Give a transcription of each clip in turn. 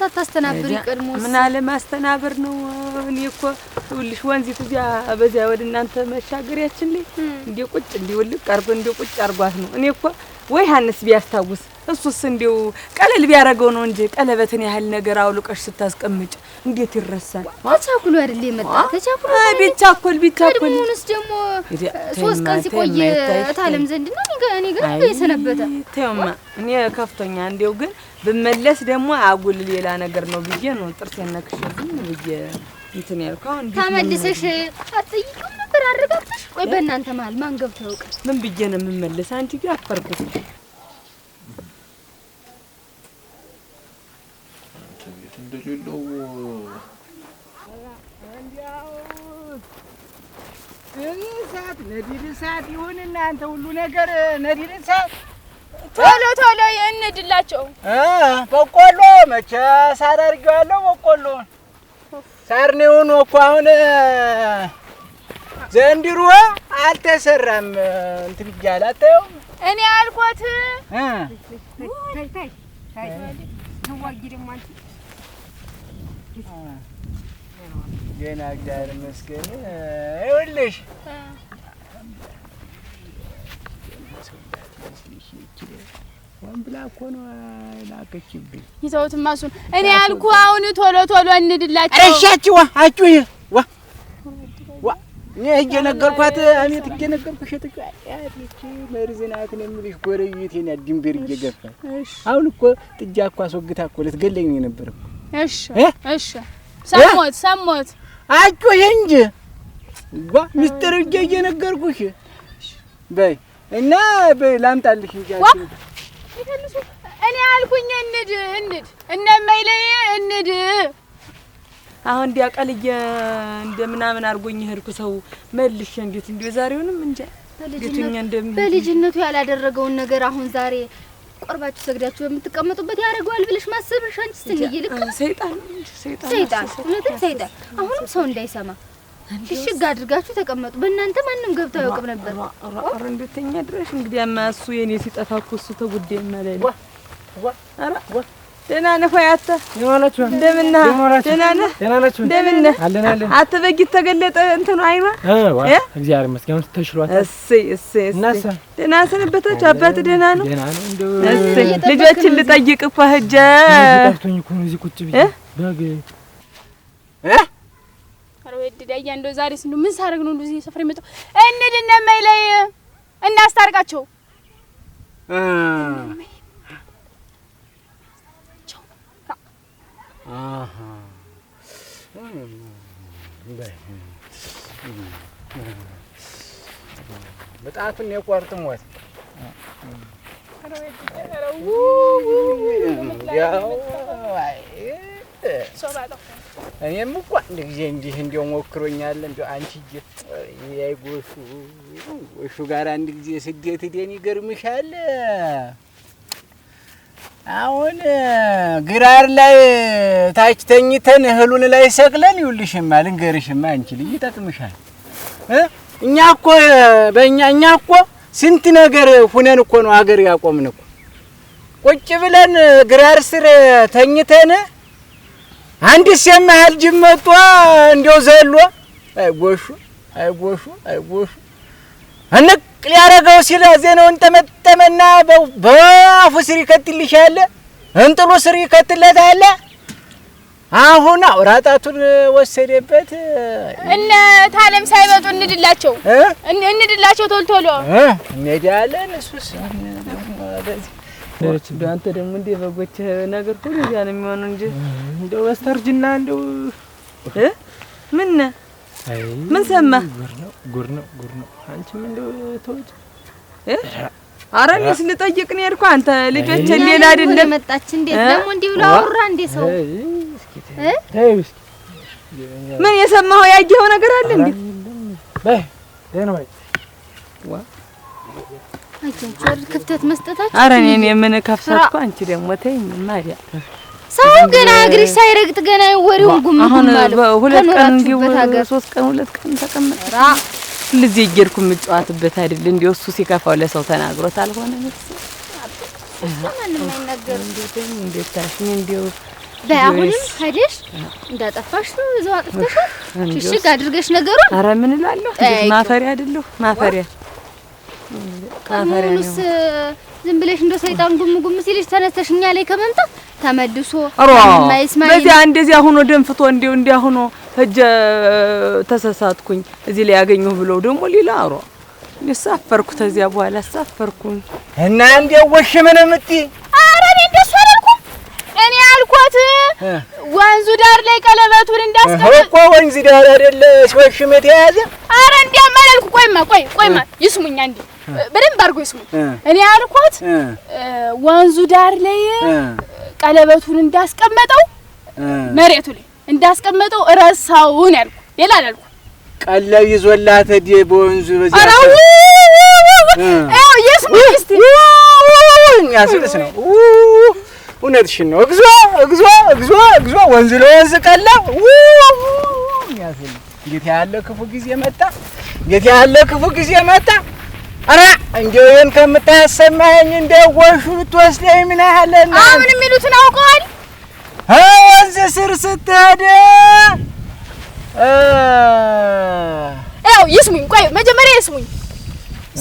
ሳታስተናብሪ ቀድሞ ምን አለ ማስተናበር ነው? እኔ እኮ ይኸውልሽ ወንዝ እዚያ በዚያ ወደ እናንተ መሻገሪያችን ላይ እንደ ቁጭ እንደ ውልቅ አርጎ እንደ ቁጭ አርጓት ነው። እኔ እኮ ወይ ሀንስ ቢያስታውስ እሱስ እንዲው ቀለል ቢያደርገው ነው እንጂ ቀለበትን ያህል ነገር አውልቀሽ ስታስቀምጭ እንዴት ይረሳል? ተቻኩሎ አይደል የመጣ ተቻኩሎ። አይ ቢቻኩል ቢቻኮል ምንስ ደግሞ ሶስት ቀን ሲቆይ እታለም ዘንድ ነው። እኔ ግን የሰነበተ ተማ እኔ ከፍቶኛ። እንዴው ግን ብመለስ ደግሞ አጉል ሌላ ነገር ነው ብዬ ነው ጥርሴ ነክሽ ዝም ብዬ እንትን ያልከው። አሁን ተመልሰሽ አትጠይቅም ነበር አረጋግተሽ? ቆይ በእናንተ መሀል ማን ገብቶ ያውቃል? ምን ብዬ ነው የምመለስ? አንቺ ግን አፈርኩሽ ይሁንና አንተ ሁሉ ነገር ነዲንሳ ቶሎ ቶሎ እንድላቸው በቆሎ መቼ ሳር አድርጌዋለሁ። በቆሎ ሳር ነው የሆኑ እኮ አሁን ዘንድሮ አልተሰራም። እንትን ብያለሁ አታየው። እኔ አልኮት ገና እግዚአብሔር ይመስገን ይኸውልሽ ወንብላ እኮ ነው ላከችብኝ። ይተውትማ እሱን እኔ ያልኩህ አሁን ቶሎ ቶሎ እንድላቸው ረሻችሁ አችሁ እኔ ህጌ ነገርኳት። አቤት ህጌ ያለች መርዝ ነው የሚልሽ ጎረቤቴ ናት። ድንበር እየገፋች አሁን እኮ ጥጃ እኮ አስወግታ እኮ ልትገለኝ የነበረ እኮ። እሺ እሺ፣ ሰሞት ሰሞት አችሁ እንጂ ጓ ሚስጥር ህጌ እየነገርኩሽ በይ እና ላምጣልሽ እኔ አልኩኝ። እንድ እንድ እነማይለይ እንድ አሁን እንዲያ ቀልዬ እንደ ምናምን አድርጎኝ ሄድኩ። ሰው መልሽ። እንዴት እንዲ ዛሬውንም እንጃ በልጅነቱ ያላደረገውን ነገር አሁን ዛሬ ቆርባችሁ ሰግዳችሁ በምትቀመጡበት ያደርገዋል ብለሽ ማሰብሽ አንቺስ እንይልክ ሰይጣን ሰይጣን ሰይጣን ሰይጣን አሁንም ሰው እንዳይሰማ ሽግ አድርጋችሁ ተቀመጡ። በእናንተ ማንም ገብቶ አያውቅም ነበር። ኧረ እንደተኛ ድረሽ እንግዲያማ እሱ የእኔ ሲጠፋ እኮ እሱ ተጉዳይ መለለ። ደህና ነህ ወይ አተ? እንደምን ነህ? ደህና ነህ? እንደምን ነህ? አተ በጊት ተገለጠ እንትኑ አይኗ እግዚአብሔር ይመስገን ተሽሏታል። እሰይ እሰይ እሰይ። ደህና ሰነበታችሁ? አባት ደህና ነው? ነው። እሰይ ልጆችን ልጠይቅ እኮ ሂጅ። በግ እ በድዳ እያ እንደው ዛሬስ እንደው ምን ሳደርግ ነው እንደዚህ ሰፈር የመጣው? እንሂድ እነ እማዬ ላይ እናስታርቃቸው። በጣቱን የቆርጥሞት ያው እኔም እኮ አንድ ጊዜ እንዲህ እንዲያው ሞክሮኛል። እንዲያው አንቺ ጎሹ ጎሹ ጋር አንድ ጊዜ ስደት ደን ይገርምሻል። አሁን ግራር ላይ ታች ተኝተን እህሉን ላይ ሰቅለን ይውልሽማ፣ ልንገርሽማ አንቺ ልጅ ይጠቅምሻል። እኛ እኮ በእኛ እኛ እኮ ስንት ነገር ሁነን እኮ ነው ሀገር ያቆምን እኮ ቁጭ ብለን ግራር ስር ተኝተን አንድ ሲያማህል ጅብ መጥቶ እንዲያው ዘሎ አይጎሹ አይጎሹ አይጎሹ እንቅ ሊያረገው ሲል ዜናውን ጠመጠመና በአፉ ስር ይከትልሻል፣ እንጥሉ ስር ይከትለታል። አሁን አውራጣቱን ወሰደበት እነ ታለም ሳይመጡ እንድላቸው እንድላቸው ቶሎ ቶሎ እንሄዳለን። እሱስ አንተ ደግሞ እንደ በጎች ነገር ሁሉ እዚያ ነው የሚሆነው እንጂ እንደው በስተርጅና እንደው ምን ምን ሰማህ? ጉድ ነው ጉድ ነው። አንቺም እንደው ተወጭ። ኧረ እኔስ ልጠይቅ ነው የሄድኩ። አንተ ልጆች ሌላ አይደለም መጣች። እንዴት ደግሞ እንዲህ ብሎ አውራ እንዴ ሰው ምን የሰማኸው ያየኸው ነገር አለ እንዴ? በይ ዋ ክፍተት መስጠታችሁ። ኧረ እኔን የምን ከፍተት አንቺ ደግሞ ተይኝ። ማሪያ ሰው ገና እግርሽ ሳይረግጥ ገና ወሬውን ጉም አሁን ሁለት ቀን እንዲሁ ሶስት ቀን ሁለት ቀን ተቀመጠ። ሁልጊዜ እየሄድኩ የምጫወትበት አይደል? እንዲያው እሱ ሲከፋው ለሰው ተናግሮት አልሆነ እንዲሁ ሄደሽ እንዳጠፋሽ ነው እዛው አጥፍተሻል። ሽሽግ አድርገሽ ነገሩን። ኧረ ምን እላለሁ? ማፈሪያ አይደለሁ ማፈሪያ ቀፈረንስ ዝም ብለሽ እንደ ሰይጣን ጉም ጉም ሲልሽ ተነስተሽ እኛ ላይ ከመምጣት ተመልሶ ማይስማይ በዚያ እንደዚያ ሆኖ ደንፍቶ እንዲው እንዲያ ሆኖ ሂጅ ተሰሳትኩኝ እዚህ ላይ ያገኘሁ ብለው ደግሞ ሌላ አሯ እሳፈርኩ ተዚያ በኋላ እሳፈርኩኝ እና እንደውሽ ምን እምትይ? እኔ አልኳት ወንዙ ዳር ላይ ቀለበቱን እንዳስቀምጥ እኮ ወንዝ ዳር አይደለ ወሽም የተያያዘ ኧረ እንዲያማ አላልኩ። ቆይማ ቆይ ቆይማ ይስሙኛ እንዴ በደንብ አድርጎ ይስሙ። እኔ ያልኳት ወንዙ ዳር ላይ ቀለበቱን እንዳስቀመጠው መሬቱ ላይ እንዳስቀመጠው እረሳውን ያልኩ ሌላ አላልኩ። ቀለብ ይዞላት ዲ በወንዙ በዚህ አራው አው ይስሙ እስቲ ያስልስ ነው። እውነትሽን ነው። እግዞ እግዞ እግዞ እግዞ ወንዝ ለወንዝ ቀለብ ያስል። ጌታ ያለ ክፉ ጊዜ መጣ! ጌታ ያለ ክፉ ጊዜ መጣ! ኧረ እንደው ይሄን ከምታሰማኝ እንደው ጎሹ ብትወስደኝ ምን ያህል አሁን የሚሉትን አውቀዋል። ወንዝ ስር ስትሄድ ያው ይስሙኝ። ቆይ መጀመሪያ ይስሙኝ፣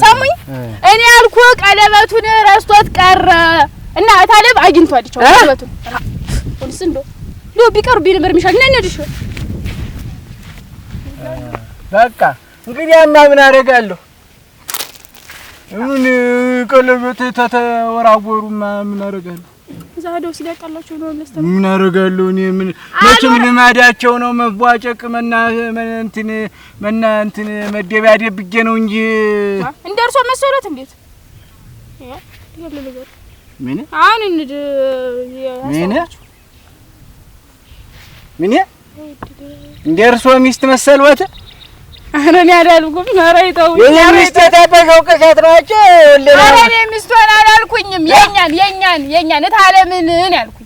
ሰሙኝ። እኔ ያልኩህ ቀለበቱን ረስቶት ቀረ እና ታለብ አግኝቷል። ይቻው ቀለበቱን ወንስ እንዶ ዶ ቢቀሩ ቢነበር የሚሻል ነኝ ነድሽ በቃ እንግዲህ ምን አደርጋለሁ ምን ቀለበት ተተወራወሩ ምን አደርጋለሁ? እዛ ሄደው ሲለቃላቸው ነው ለስተ ምን አደርጋለሁ? እኔ ምን መቼም ልማዳቸው ነው መቧጨቅ መና እንትን መና እንትን መደባደብ ብዬ ነው እንጂ እንደ እርሶ መሰሎት እንዴት ምን አሁን እንድ ምን ምን እንደ እርሶ ሚስት መሰሎት ኧረ እኔ አላልኩም። ኧረ ይተው የሚስት የጠበቀው ቅዠት ነው። ኧረ እኔ ሚስቷን አላልኩኝም። የእኛን የእኛን የእኛን እት አለምን ያልኩኝ።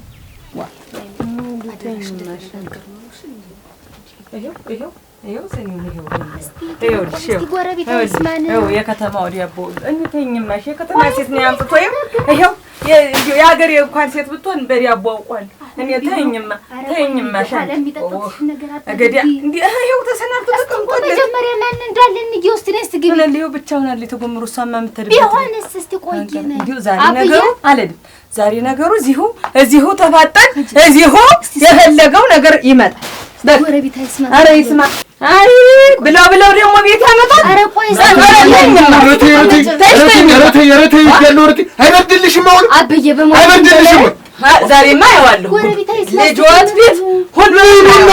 የከተማው ዳቦ እንተኝማ። የከተማ ሴት ነው ያምጥቶ ይኸው የአገሬ እንኳን ሴት ብትሆን በዳቦ አውቋል እኔ ተይኝማ ተይኝማ እገዳ እንደ ይኸው ተሰናብቶ ተቀምጦለት መጀመሪያ ማን እንዳለ እንዬ ውስጥ ነይ እስኪ ግቢ ይኸው ብቻውን አለ የተጎመሩ እሷማ የምትሄድበት ቢሆንስ እስኪ ቆይ እንዲሁ ዛሬ ነገሩ አልሄድም ዛሬ ነገሩ እዚሁ እዚሁ ተፋጠን እዚሁ የፈለገው ነገር ይመጣል ጎረቤት አይስማ ኧረ ይስማ አይ ብለው ብለው ደግሞ ቤት ያመጣል። ኧረ ቆይ አይበርድልሽም? አሁን አይበርድልሽም ዛሬማ ያዋለሁ ልጆት ቤት ሁሉ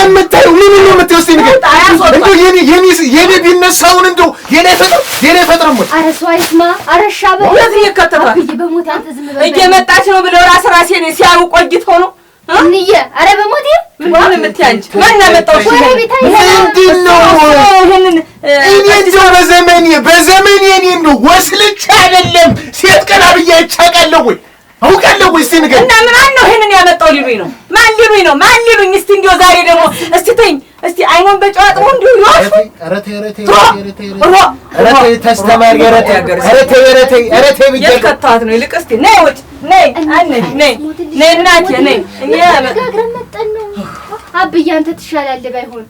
የምታየው ምን ነው የምትወስደኝ ነገር እንደው የኔ የኔ የኔ ቢነሳውን እንደው የኔ ፈጥር የኔ ፈጥር ኧረ ሰው አይስማ ኧረ ይከተታል እየመጣች ነው ብለው ራስ ነው እንዬ በሞቴ ማን ያመጣው ምንድን ነው ይሄንን እኔ እንደው በዘመኔ በዘመኔ እኔ እንደው ወስልቼ አይደለም ሴት ቀና ብዬ ወይ አውቃለሁ ወይ? ንገሪኝ እና ምን አለው ይሄንን ያመጣው ሊሉኝ ነው? ማን ሊሉኝ ነው? ማን ሊሉኝ? እስቲ እንዲያው ዛሬ ደግሞ እስቲ ተይኝ፣ እስቲ አይኑን በጨው እንዲሁ ይወጡ። ኧረ ተይ፣ ኧረ ተይ፣ ኧረ ተይ ተስተማሪ፣ ኧረ ተይ፣ ኧረ ተይ፣ ኧረ ተይ፣ ኧረ ተይ ብዬሽ ነው። ነው? ይልቅ እስቲ ነይ ውጭ፣ ነይ አንዴ፣ ነይ ነይ፣ እናቴ ነይ። እኛ መጠን ነው አብዬ፣ አንተ ትሻላለህ ባይሆን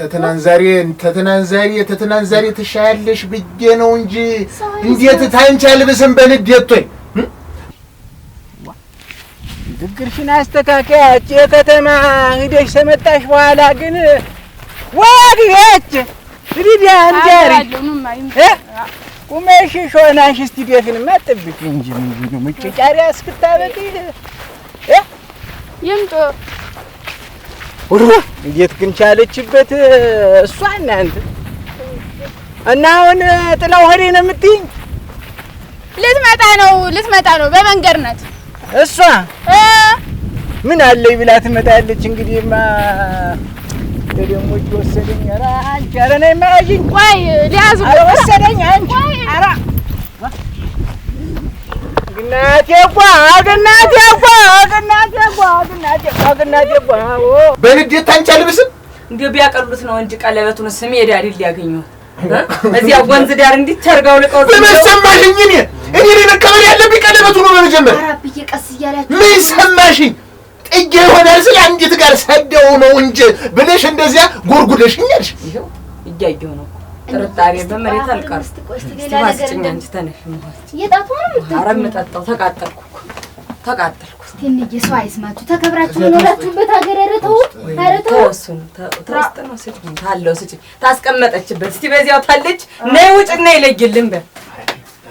ተትናንት ዛሬ ተትናንት ዛሬ ተትናንት ዛሬ ትሻያለሽ ብዬሽ ነው እንጂ እንዴት ታንቺ አልብስም በንዴት ቶኝ ንግርሽን አስተካከያች ከተማ ሂደሽ ተመጣሽ በኋላ ግን ዋግያች ሪዲያ እንዲያሪ ቁመሽ ሾናሽ እስቲ ደፊንማ ማጥብክ እንጂ ምንድነው መጨጫሪያ እስክታበቂ ይምጡ ወርዋ እንዴት ግን ቻለችበት? እሷ እናንተ እና አሁን ጥላው ሄዴ ነው የምትይኝ? ልትመጣ ነው ልትመጣ ነው፣ በመንገድ ናት እሷ ምን አለኝ ብላ ትመጣለች። እንግዲህ ማ ደግሞ ወሰደኝ። ኧረ አንቺ ኧረ ነይ የማያዥኝ ቆይ ሊያዝ ወሰደኝ። አንቺ ኧረ ግናቴ እኮ ግናቴ እኮ ቢያቀሉት ነው እንጂ ቀለበቱን ስሜ ሄዳ አይደል እዚያ ወንዝ ዳር እንዲህ ልቀው በመሰማሽኝ እኔ እኔ መቀበል ያለብኝ ቀለበቱ ነው። በመጀመር ምን ሰማሽኝ? ጥጌ ይሆናል ስለ አንዲት ጋር ሰደው ነው እንጂ ብለሽ እንደዚያ ጎርጉደሽኛል። እያየሁ ነው ጥርጣሬ በመሬት አልቀርም። ዋስጭኛ እንጂ ተነሽ። የምጠጣው ተቃጠልኩ ተቃጠልኩ። ትንዬ ሰው አይስማችሁ። ተከብራችሁ የኖራችሁበት ሀገር ያረተውት ተወሱን ተወስጥ ታለው ስጭኝ ታስቀመጠችበት እስቲ በዚያው ታለች ነይ ውጭና ይለይልን በል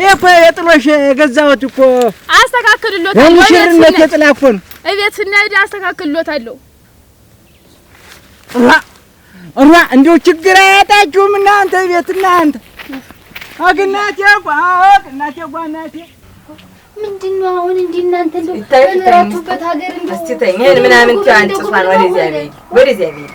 ይሄ እኮ የጥሎሽ የገዛሁት እኮ አስተካክልሎታለሁ። ለሙሽርነት የጥላ እኮ ነው። እቤት ስናሄድ አስተካክልሎታለሁ። እሯ እሯ፣ እንዲሁ ችግር አያጣችሁም እናንተ ቤት እናንተ። አግ እናቴ እኮ አወቅ እናቴ ምንድን ነው አሁን እንዲህ እናንተ እንደው በኖራችሁበት ሀገር እንደው እስኪ ተይኝ ምናምን ትይው አንጭ ወደዚያ ቤት ወደዚያ ቤት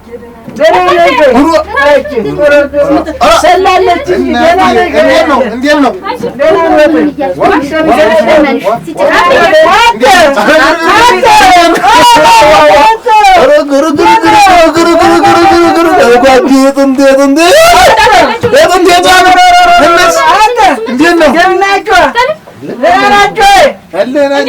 내려내려 던데 던데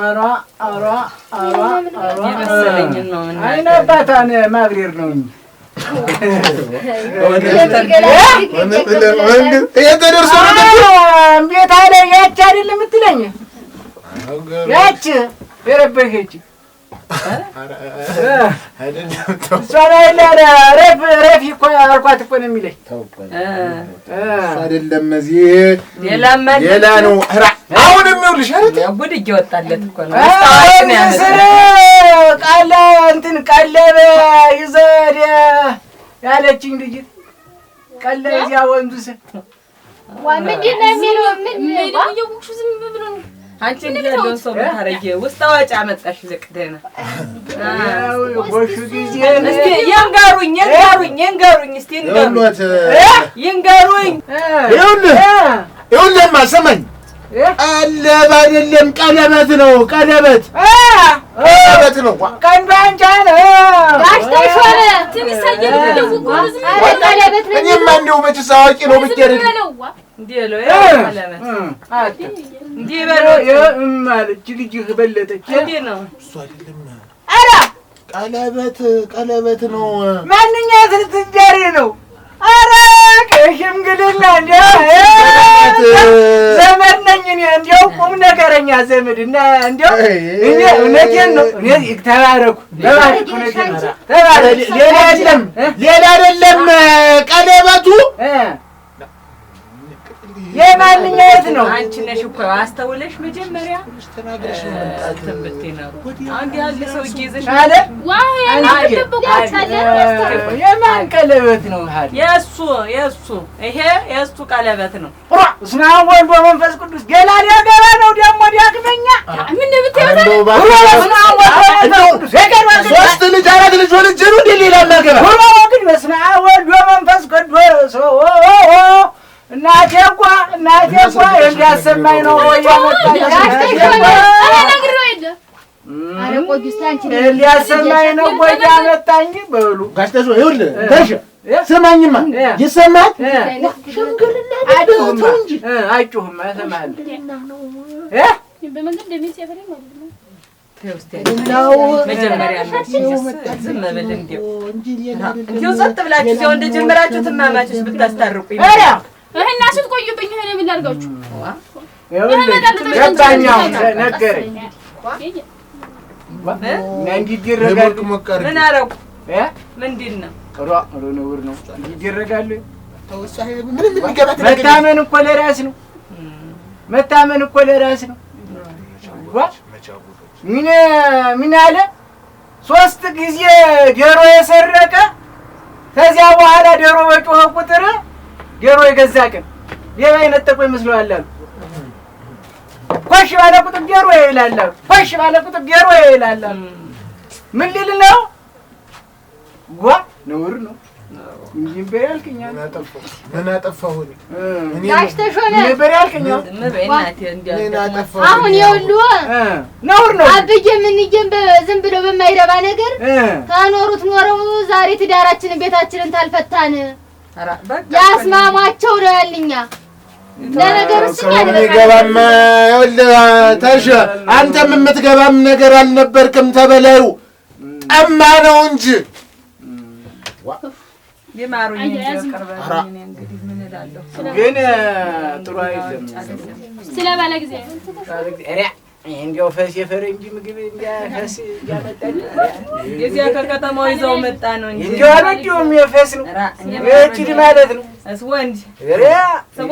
አሯ አሯ አሯ የመሰለኝን ነው ያች አይደለም የምትለኝ ያች የረበሸችኝ ረፊ እኮ አልኳት እኮ ነው የሚለኝ። አይደለም እዚህ ሌላ ነው። አሁን የሚውልሽ ጉድ እኮ ነው። ቃለ እንትን ቀለበ ይዘህ ያለችኝ ልጅት ቀለ እዚያ ወንዙ ስር አንቺ እንጂ ያለውን ሰው ታረጊ ውስጥ አዋጭ አመጣሽ። ልቅ ይንገሩኝ ይንገሩኝ ይንገሩኝ እስቲ ይንገሩኝ። ይኸውልህማ ስማኝ፣ ቀለብ አይደለም ቀለበት ነው ቀለበት ቀለበት ነው ቀንባንጫ ነው። እኔማ እንደው መችስ አዋቂ ነው ብቻ አይደለም እማ አለች ልጅህ በለጠች። እሱ አይደለም ቀለበት ቀለበት ነው። ማንኛት ልትዳሪ ነው? ኧረ ሽምግልና ዘመድ ነኝ እኔ እንዲያው ቁም ነገረኛ ዘመድ እውነቴን ነው። ተባረኩ ተባረኩ፣ ሌላ አይደለም ቀለበቱ የማንኛ ነው? አንቺ ነሽ እኮ አስተውለሽ መጀመሪያ የማን ቀለበት ነው? የእሱ የእሱ ይሄ የእሱ ቀለበት ነው። ስመ አብ ወወልድ ወመንፈስ ቅዱስ ገና ሊያገባ ነው። ደግሞ ዳግመኛ ሶስት ልጅ አራት ልጅ ወልጄ ነው እንደ ሌላ ላገባ ግን በስመ አብ ወወልድ ወመንፈስ ቅዱስ እናቴ እኮ እናቴ እኮ እንዳሰማኝ ነው። እንዳሰማኝ ነው ጎጃ መጣኝ በሉ ስማኝማ ይሰማል። ሽምግልና እንጂ አጩህማ ይሰማል። እንዲሁ ጸጥ ብላችሁ እንደጀመራችሁ ትማማችሁ ብታስታርቁኝ ይሄና ስት ቆዩብኝ። ይሄን ምን ላድርጋችሁ? ገባኝ። አሁን ነገረኝ። ምን አደረጉ? ምንድን ነው ነውር ነው ይደረጋል። መታመን እኮ ለራስ ነው። መታመን እኮ ለራስ ነው። ምን አለ ሶስት ጊዜ ዶሮ የሰረቀ ከዚያ በኋላ ዶሮ በጮኸ ቁጥር ጌሮ የገዛ ቀን ሌባ የነጠቀው ይመስለዋል ኮሽ ባለ ቁጥር ጌሮ ይላል ኮሽ ባለ ቁጥር ጌሮ ይላል ምን ሊል ነው? ጓ ነውር ነው እንጂ አሁን የሁሉ ነውር ነው። አብዬ የምንዬም ዝም ብሎ በማይረባ ነገር ከኖሩት ኖረው ዛሬ ትዳራችንን ቤታችንን ታልፈታን ያስማማቸው ነው ያልኛ ለነገሩ ተሸ አንተም የምትገባም ነገር አልነበርክም። ተበላዩ ጠማ ነው እንጂ ግን ጥሩ አይደለም። ስለ ባለ ጊዜ እንዲያው ፈስ የፈረንጅ ምግብ እንዲያፈስ እያመጣች የዚያ ከከተማው ይዘው መጣ ነው እንጂ እንዲያው አልወደውም። የፈስ ነው የችድ ማለት ነው። ወንድ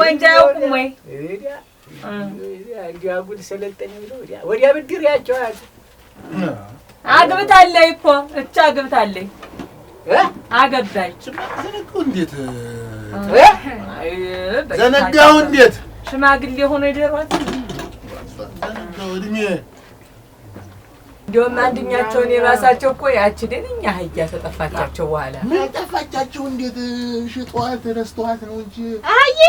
ወንድ አያውቁም ወይ እንዲያው አጉል ሰለጠኝ ብሎ ወዲያ ብድር ያቸው አግብታለች እኮ እቻ አግብታለች አገባች። ዘነጋው እንዴት ዘነጋው እንዴት ሽማግሌ ሆኖ የደሯት እድሜ እንዲሁም አንድኛቸውን የባሳቸው እኮ ያችንን እኛ አህያ ተጠፋቻቸው። በኋላ ምን ጠፋቻቸው? እንዴት ሽጧት ረስተዋት ነው እንጂ አህያ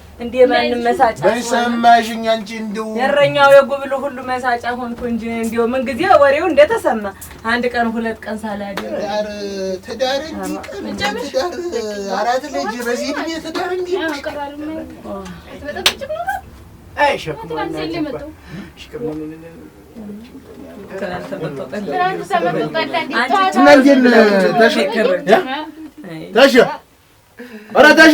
እንዴ ማን መሳጫ በሰማሽኝ? አንቺ እንደው የእረኛው የጉብሉ ሁሉ መሳጫ ሆንኩ እንጂ እንደው ምን ጊዜ ወሬው እንደተሰማ አንድ ቀን ሁለት ቀን ሳላደርግ ዳር ትዳር አራት ልጅ በዚህ እድሜ ትዳር እንዴ ተሸ ኧረ ተሸ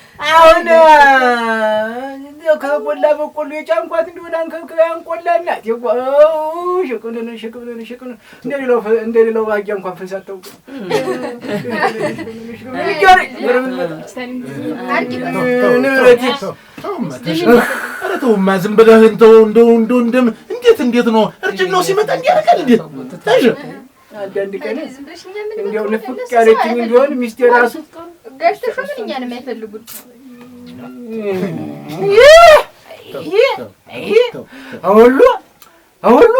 አሁን ከቆላ በቆሎ የጫንኳት እንደሆነ አንከብክበ አንቆላ እናት ሽቅንን ሽቅንን ሽቅንን እንደሌለው እንደሌለው ባጃ እንኳን ፈንሳት ተውማ ዝም ብለህ እንደው እንደው እንደው እንዴት እንዴት ነው እርጅናው ሲመጣ እንዲያደርጋል እንዴት አንዳንድ ቀን እንዲያው ንፍቅ ያለችኝ እንዲሆን ሚስቴ ራሱ አሁሉ አሁሉ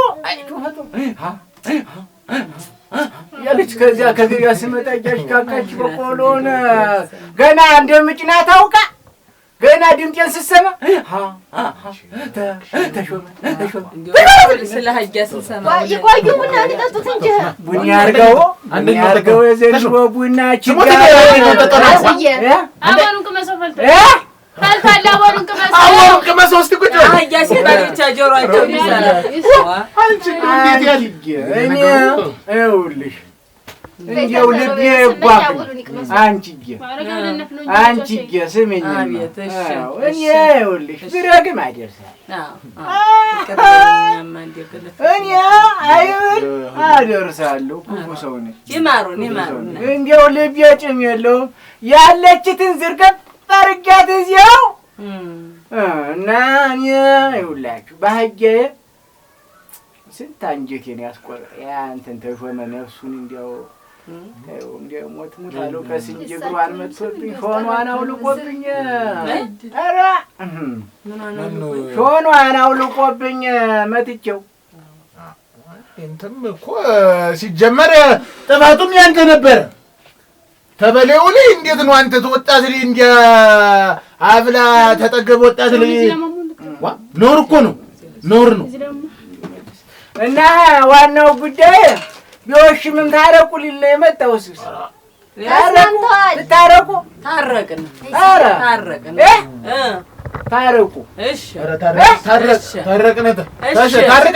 ያለች ከዚያ ከገበያ ስመጣ እያሽካካች በቆሎን ገና እንደምጭና ታውቃ ገና ድምጤን ስሰማ ተሾመ ስለ ሀያ እንዲያው ልቤ ጓፍ አንቺዬ አንቺዬ ስሚኝ፣ እኔ ይኸውልሽ ብረግም አደርሳለሁ። እኔ አይብል አደርሳለሁ። ክፉ ሰው ነች። እንዲያው ልቤ ጭም የለውም ያለችትን ዝርገብ ጠርጊያት እዚያው እና እኔ ይኸውላችሁ ባህያዬ ስንት አንጀቴን ያስቆረጠ ያ ተሾመ ነፍሱን እንዲያው እንዲያ ሞት ሙት አለው ከስንጀግሯን መጥቶብኝ ሾኗን አውልቆብኝ ኧረ ሾኗን አውልቆብኝ መትቼው እንትም እኮ ሲጀመር ጥፋቱም ያንተ ነበረ። ተበሌው ላይ እንዴት ነው አንተ ወጣት ላይ እንደ አብላ ተጠገበ ወጣት ላይ ነውር እኮ ነው ነውር ነው እና ዋናው ጉዳይ ቢወሽ ምን ታረቁ ሊል ነው የመጣው። እስኪ ታረቁ ታረቅን ታረቅን ታረቁ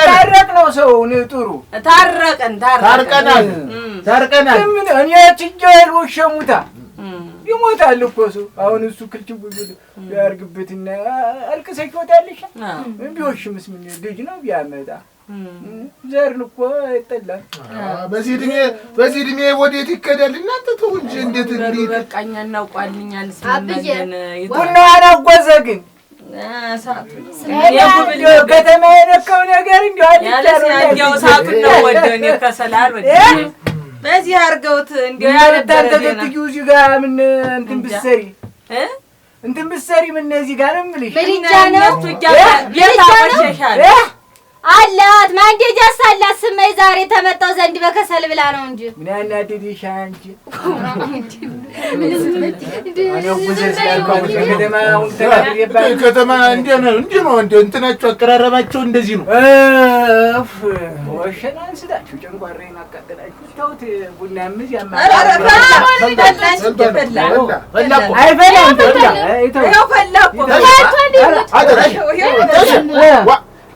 ታረቅ ነው ሰው ጥሩ ታረቅን ታርቀናል ታርቀናል። እኔ ችጃል ወሸሙታ ይሞታል እኮ ሰው አሁን እሱ ክልችው ያርግበትና አልቅሰሽ ወጣለሽ። ቢወሽምስ ምን ልጅ ነው ቢያመጣ ዘርን እኮ አይጠላም። በዚህ እድሜ በዚህ እድሜ ወዴት ይከዳል? እናንተ ተው እንጂ እንዴት እንዴት በቃኛ እናውቋልኛል። ስለነገን ቡናዋ ናጓዘ ግን ከተማ የነካው ነገር ነው በዚህ ጋር ምን እንትን ብትሰሪ እንትን ምን እዚህ ጋር ነው የምልሽ ነው አላት ማንዴጃስ አላት። ስመይ ዛሬ ተመጣው ዘንድ በከሰል ብላ ነው እንጂ ምን ያናድድሽ አንቺ? ከተማ እንዲህ ነው እንዲህ ነው እንዴ እንትናቸው አቀራረባቸው እንደዚህ ነው። ወሸናን አንስታችሁ ጨንጓሬን አቃጠላችሁ። ተውት ቡና ምዝ ያማ